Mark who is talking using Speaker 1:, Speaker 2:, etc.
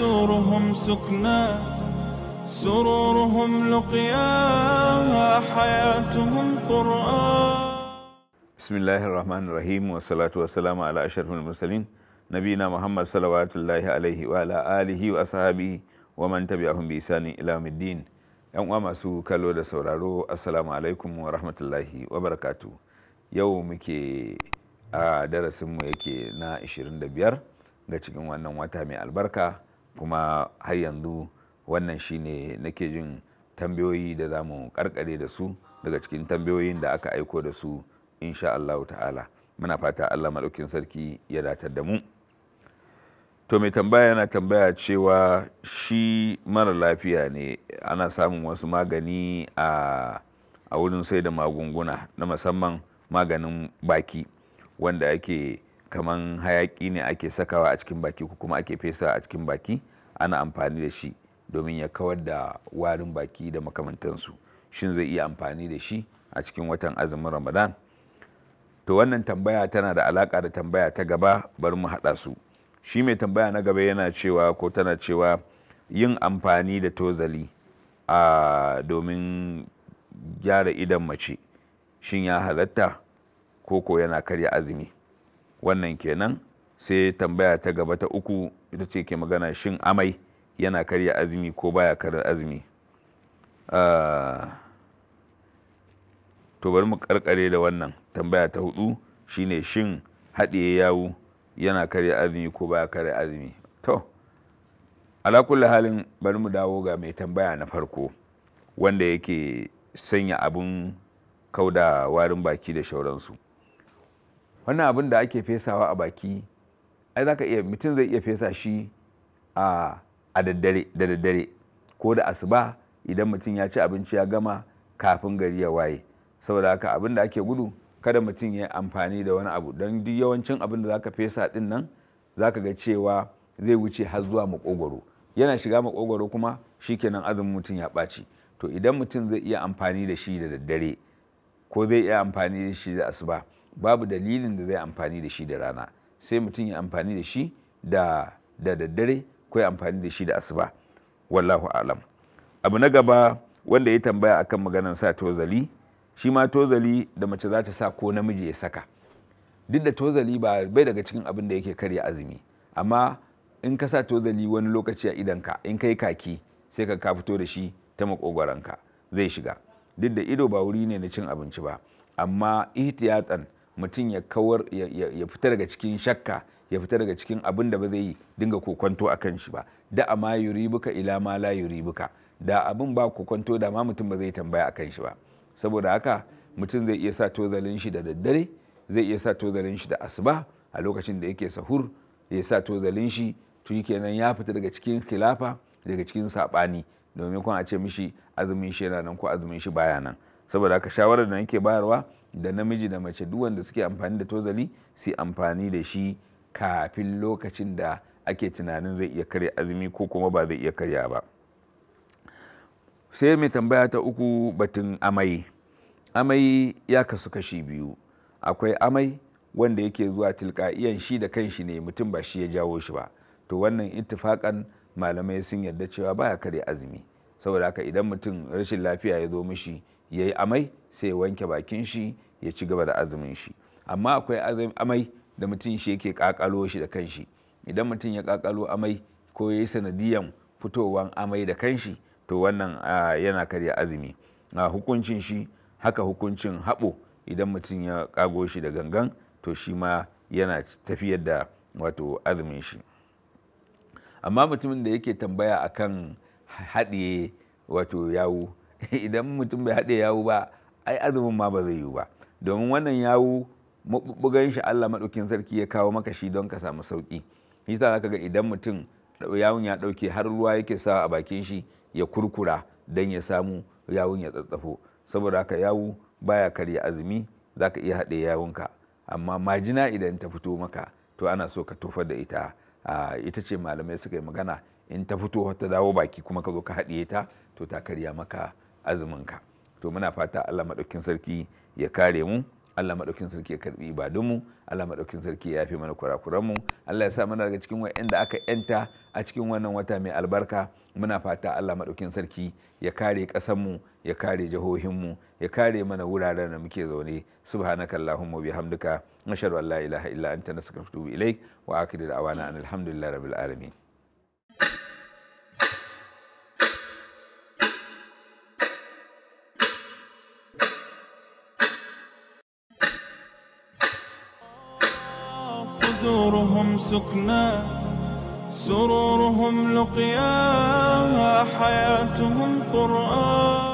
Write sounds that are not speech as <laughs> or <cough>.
Speaker 1: دورهم سكنى سرورهم لقياها حياتهم قرآن بسم الله الرحمن الرحيم والصلاة والسلام على أشرف المرسلين نبينا محمد صلوات الله عليه وعلى آله وأصحابه ومن تبعهم بإحسان إلى يوم الدين yan uwa masu kallo da sauraro assalamu alaikum wa rahmatullahi wa barakatu yau muke 25 ga cikin wannan wata mai albarka kuma har yanzu wannan shine nake jin tambayoyi da za mu karkare da su daga cikin tambayoyin da aka aiko da su insha Allah ta'ala muna fata Allah maɗaukin sarki ya datar da mu to mai tambaya yana tambaya cewa shi mara lafiya ne ana samun wasu magani a a wurin sai da magunguna na musamman maganin baki wanda ake kaman hayaki ne ake sakawa a cikin baki ko kuma ake fesa a cikin baki ana amfani da shi domin ya kawar da warin baki da makamantansu shin zai iya amfani da shi a cikin watan azumin ramadan to wannan tambaya tana da alaka da tambaya ta gaba bari mu haɗa su shi mai tambaya na gaba yana cewa ko tana cewa yin amfani da tozali a domin gyara idan mace shin ya halatta ko ko yana karya azumi wannan kenan sai tambaya ta gaba ta uku ita ce ke magana shin amai yana karya azumi ko baya karar azumi ah, to bari mu karkare da wannan tambaya ta hudu shine shin haɗiye yawu yana karya azumi ko baya karya azumi to ala kulli halin bari mu dawo ga mai tambaya na farko wanda yake sanya abun kauda warin baki da shauransu wannan abin da ake fesawa a baki ai zaka iya mutum zai iya fesa shi a a daddare da daddare ko da asuba idan mutum ya ci abinci ya gama kafin gari ya waye saboda haka abin da ake gudu kada mutum ya amfani da wani abu don duk yawancin abin da zaka fesa din nan zaka ga cewa zai wuce har zuwa makogwaro yana shiga makogwaro kuma shikenan azumin mutum ya ɓaci to idan mutum zai iya amfani da shi da daddare ko zai iya amfani da shi da asuba babu dalilin da zai amfani da shi da rana sai mutum ya amfani da shi da daddare ko ya amfani da shi da asuba wallahu alam abu na gaba wanda ya tambaya akan maganar sa tozali shi ma tozali da mace za ta sa ko namiji ya saka duk da tozali ba bai daga cikin abin da yake karya azumi amma in ka sa tozali wani lokaci a idanka in kai kaki sai ka ka fito da shi ta makogoranka zai shiga duk da ido ba wuri ne na cin abinci ba amma ihtiyatan mutum ya kawar ya fita daga cikin shakka ya fita daga cikin abin da ba zai yi dinga kokwanto a kan shi ba da a ma yuribuka ila ma la yuribuka da abin ba kokwanto da ma mutum ba zai tambaya a kan shi ba saboda haka mutum zai iya sa tozalin shi da daddare zai iya sa tozalin shi da asuba a lokacin da yake sahur ya sa tozalin shi tun kenan ya fita daga cikin khilafa daga cikin saɓani domin kuma a ce mishi azumin shi yana nan ko azumin shi baya nan saboda haka shawarar da nake bayarwa da namiji da mace duk wanda suke amfani da tozali su amfani da shi kafin lokacin da ake tunanin zai iya karya azumi ko kuma ba zai iya karya ba sai mai tambaya ta uku batun amai amai ya kasu kashi biyu akwai amai wanda yake zuwa tilka'iyan shi da kanshi ne mutum ba shi ya jawo shi ba to wannan ittifakan malamai sun yarda cewa baya karya azumi saboda haka idan mutum rashin lafiya ya zo mishi ya yi amai sai ya wanke bakin shi ya ci gaba da azumin shi amma akwai amai da mutum shi yake kakalo shi da kanshi idan mutum ya kakalo amai ko ya yi sanadiyan fitowan amai da kanshi to wannan yana karya azumi a hukuncin shi haka hukuncin haɓo idan mutum ya kago shi da gangan to shi ma yana tafiyar da wato azumin shi amma mutumin da yake tambaya akan haɗiye wato yawu <laughs> idan mutum bai haɗe yawu ba ai azumin ma ba zai yiwu ba domin wannan yawu maɓuɓɓugan shi Allah maɗaukin sarki ya kawo maka shi don ka samu sauƙi shi yasa zaka ga idan mutum yawun ya ɗauke har ruwa yake sa a bakin shi ya kurkura don ya samu yawun ya tsatsafo saboda haka yawu baya karya azumi zaka iya haɗe yawunka amma majina idan ta fito maka to ana so ka tofar da ita ita ce malamai suka yi magana in ta fito ta dawo baki kuma ka zo ka haɗiye ta to ta karya maka azuminka to muna fata Allah maɗaukin sarki ya kare mu Allah maɗaukin sarki ya karbi mu Allah maɗaukin sarki ya yafe mana mu Allah ya sa mana daga cikin wa'anda aka yanta a cikin wannan wata mai albarka muna fata Allah maɗaukin sarki ya kare ƙasanmu ya kare jihohinmu ya kare mana wuraren da muke zaune subhanaka allahumma bihamdika nashhadu an la ilaha illa anta nastaghfiruka wa atubu ilaik wa akhiru da'wana alhamdulillahi rabbil alamin صدورهم سكنا سرورهم لقياها حياتهم قرآن